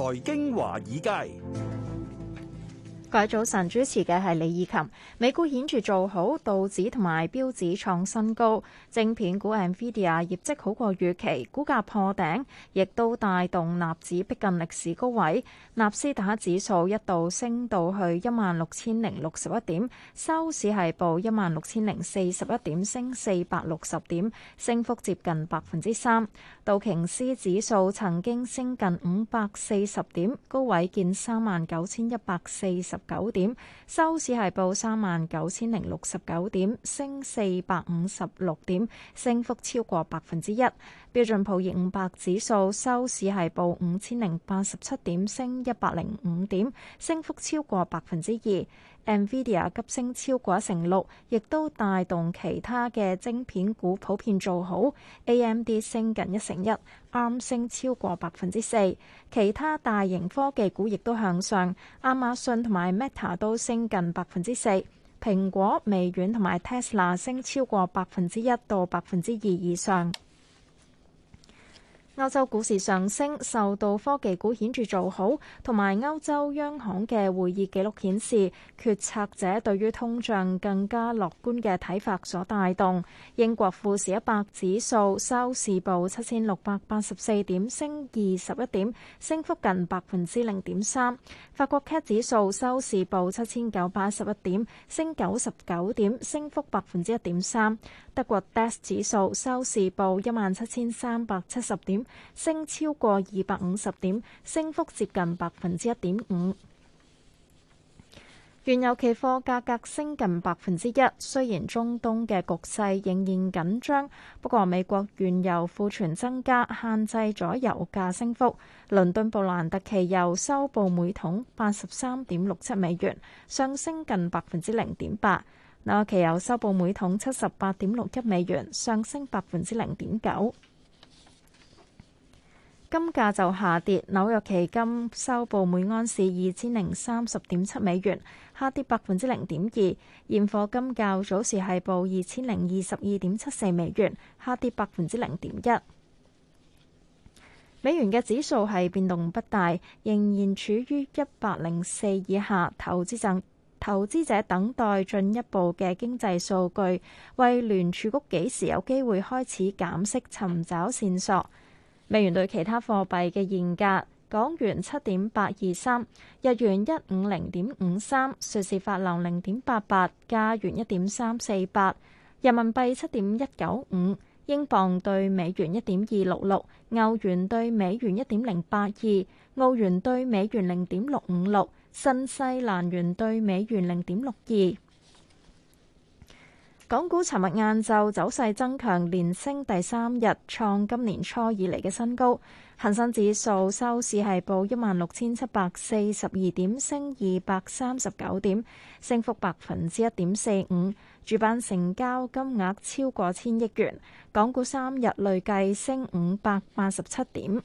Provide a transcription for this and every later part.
財經華爾街。各位早晨，主持嘅係李以琴。美股顯著做好，道指同埋標指創新高。晶片股 NVIDIA 業績好過預期，股價破頂，亦都帶動納指逼近歷史高位。納斯達克指數一度升到去一萬六千零六十一點，收市係報一萬六千零四十一點，升四百六十點，升幅接近百分之三。道瓊斯指數曾經升近五百四十點，高位見三萬九千一百四十。九點收市係報三萬九千零六十九點，升四百五十六點，升幅超過百分之一。標準普爾五百指數收市係報五千零八十七點，升一百零五點，升幅超過百分之二。Nvidia 急升超過成六，亦都帶動其他嘅晶片股普遍做好。AMD 升近一成一，啱升超過百分之四。其他大型科技股亦都向上，亞馬遜同埋 Meta 都升近百分之四，蘋果、微軟同埋 Tesla 升超過百分之一到百分之二以上。歐洲股市上升，受到科技股顯著做好，同埋歐洲央行嘅會議記錄顯示，決策者對於通脹更加樂觀嘅睇法所帶動。英國富時一百指數收市報七千六百八十四點，升二十一點，升幅近百分之零點三。法國 CAC 指數收市報七千九百一十一點，升九十九點，升幅百分之一點三。德國 DAX 指數收市報一萬七千三百七十點。升超過二百五十點，升幅接近百分之一點五。原油期貨價格升近百分之一，雖然中東嘅局勢仍然緊張，不過美國原油庫存增加限制咗油價升幅。倫敦布蘭特期油收報每桶八十三點六七美元，上升近百分之零點八。那期油收報每桶七十八點六一美元，上升百分之零點九。金價就下跌，紐約期金收報每安士二千零三十點七美元，下跌百分之零點二。現貨金較早時係報二千零二十二點七四美元，下跌百分之零點一。美元嘅指數係變動不大，仍然處於一百零四以下。投資者投資者等待進一步嘅經濟數據，為聯儲局幾時有機會開始減息尋找線索。美元對其他貨幣嘅現價：港元七點八二三，日元一五零點五三，瑞士法郎零點八八，加元一點三四八，人民幣七點一九五，英鎊對美元一點二六六，歐元對美元一點零八二，澳元對美元零點六五六，新西蘭元對美元零點六二。港股尋日晏晝走勢增強，連升第三日，創今年初以嚟嘅新高。恒生指數收市係報一萬六千七百四十二點，升二百三十九點，升幅百分之一點四五。主板成交金額超過千億元，港股三日累計升五百八十七點。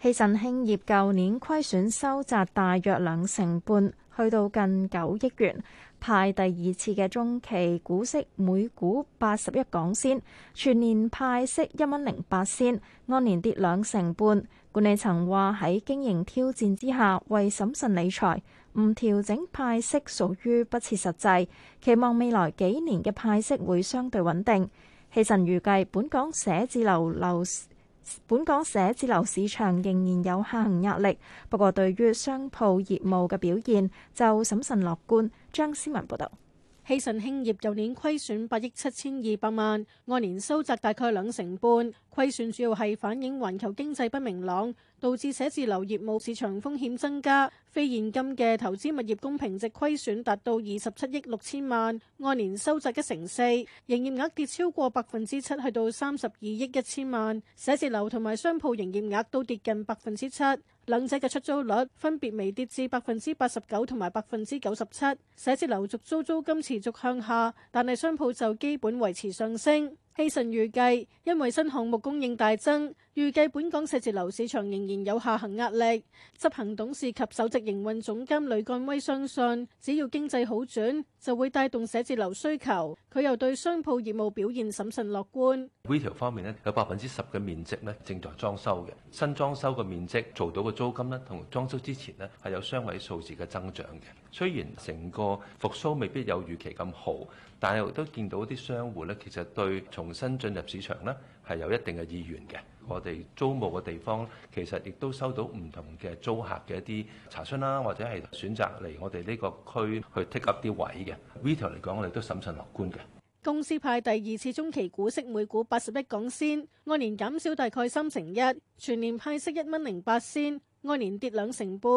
氣神興業舊年虧損收窄大約兩成半，去到近九億元。派第二次嘅中期股息每股八十一港仙，全年派息一蚊零八仙，按年跌兩成半。管理層話喺經營挑戰之下，為審慎理財，唔調整派息屬於不切實際。期望未來幾年嘅派息會相對穩定。希慎預計，本港寫字樓樓本港寫字樓市場仍然有下行壓力，不過對於商鋪業務嘅表現就審慎樂觀。張思文報道，希慎興業舊年虧損八億七千二百萬，按年收窄大概兩成半。虧損主要係反映環球經濟不明朗，導致寫字樓業務市場風險增加。非現金嘅投資物業公平值虧損達到二十七億六千萬，按年收窄一成四。營業額跌超過百分之七，去到三十二億一千萬。寫字樓同埋商鋪營業額都跌近百分之七。兩者嘅出租率分別微跌至百分之八十九同埋百分之九十七，寫字樓續租租金持續向下，但係商鋪就基本維持上升。希慎預計，因為新項目供應大增，預計本港寫字樓市場仍然有下行壓力。執行董事及首席營運總監呂幹威相信，只要經濟好轉，就會帶動寫字樓需求，佢又對商鋪業務表現審慎樂觀。Retail 方面咧，有百分之十嘅面積咧正在裝修嘅，新裝修嘅面積做到嘅租金咧，同裝修之前咧係有雙位數字嘅增長嘅。雖然成個復甦未必有預期咁好，但係都見到啲商戶咧，其實對重新進入市場咧。係有一定嘅意願嘅，我哋租務嘅地方其實亦都收到唔同嘅租客嘅一啲查詢啦，或者係選擇嚟我哋呢個區去 take up 啲位嘅。Retail 嚟講，我哋都審慎樂觀嘅。公司派第二次中期股息每股八十一港仙，按年減少大概三成一，全年派息一蚊零八仙。按年跌兩成半。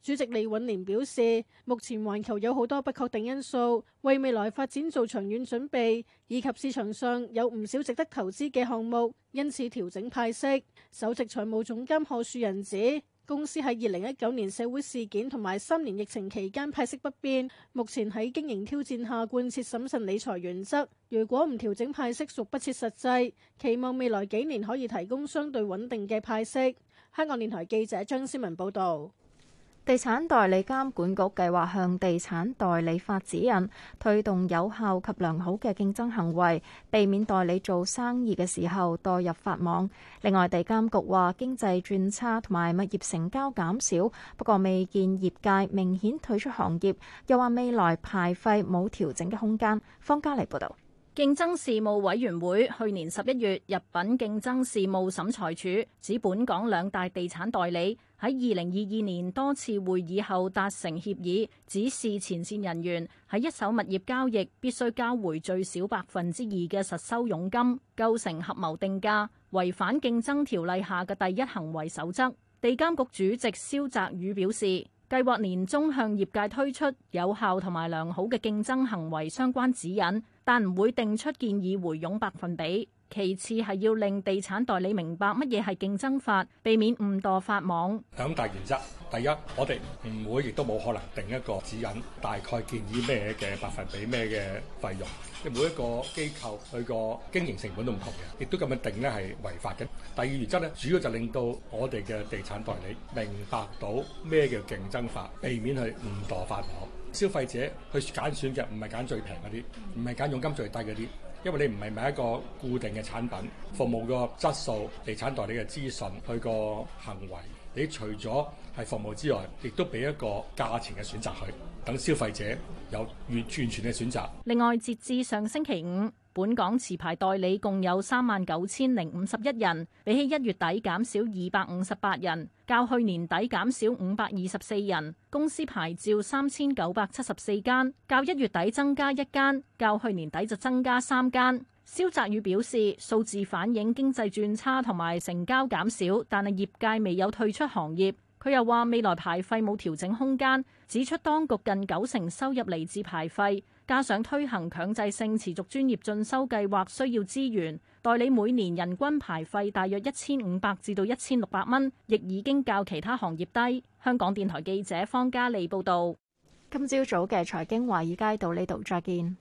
主席李允年表示，目前環球有好多不確定因素，為未來發展做長遠準備，以及市場上有唔少值得投資嘅項目，因此調整派息。首席財務總監賀樹仁指，公司喺二零一九年社會事件同埋三年疫情期間派息不變，目前喺經營挑戰下貫徹審慎理財原則。如果唔調整派息屬不切實際，期望未來幾年可以提供相對穩定嘅派息。香港電台記者張思文報道，地產代理監管局計劃向地產代理發指引，推動有效及良好嘅競爭行為，避免代理做生意嘅時候墮入法網。另外，地監局話經濟轉差同埋物業成交減少，不過未見業界明顯退出行業。又話未來排費冇調整嘅空間。方嘉莉報道。競爭事務委員會去年十一月入禀競爭事務審裁處，指本港兩大地產代理喺二零二二年多次會議後達成協議，指示前線人員喺一手物業交易必須交回最少百分之二嘅實收佣金，構成合謀定價，違反競爭條例下嘅第一行為守則。地監局主席蕭澤宇表示，計劃年終向業界推出有效同埋良好嘅競爭行為相關指引。但唔會定出建議回佣百分比。其次係要令地產代理明白乜嘢係競爭法，避免誤墮法網。兩大原則：第一，我哋唔會亦都冇可能定一個指引，大概建議咩嘅百分比咩嘅費用。每一個機構佢個經營成本都唔同嘅，亦都咁樣定咧係違法嘅。第二原則咧，主要就令到我哋嘅地產代理明白到咩叫競爭法，避免去誤墮法網。消費者去揀選嘅唔係揀最平嗰啲，唔係揀佣金最低嗰啲。因為你唔係買一個固定嘅產品，服務個質素、地產代理嘅資訊、佢個行為，你除咗係服務之外，亦都俾一個價錢嘅選擇佢，等消費者有完全全嘅選擇。另外，截至上星期五，本港持牌代理共有三萬九千零五十一人，比起一月底減少二百五十八人，較去年底減少五百二十四人。公司牌照三千九百七十四間，較一月底增加一間，較去年底就增加三間。肖澤宇表示，數字反映經濟轉差同埋成交減少，但係業界未有退出行業，佢又話未來牌費冇調整空間，指出當局近九成收入嚟自牌費。加上推行強制性持續專業進修計劃需要資源，代理每年人均牌費，大約一千五百至到一千六百蚊，亦已經較其他行業低。香港電台記者方嘉利報道。今朝早嘅財經華爾街到呢度再見。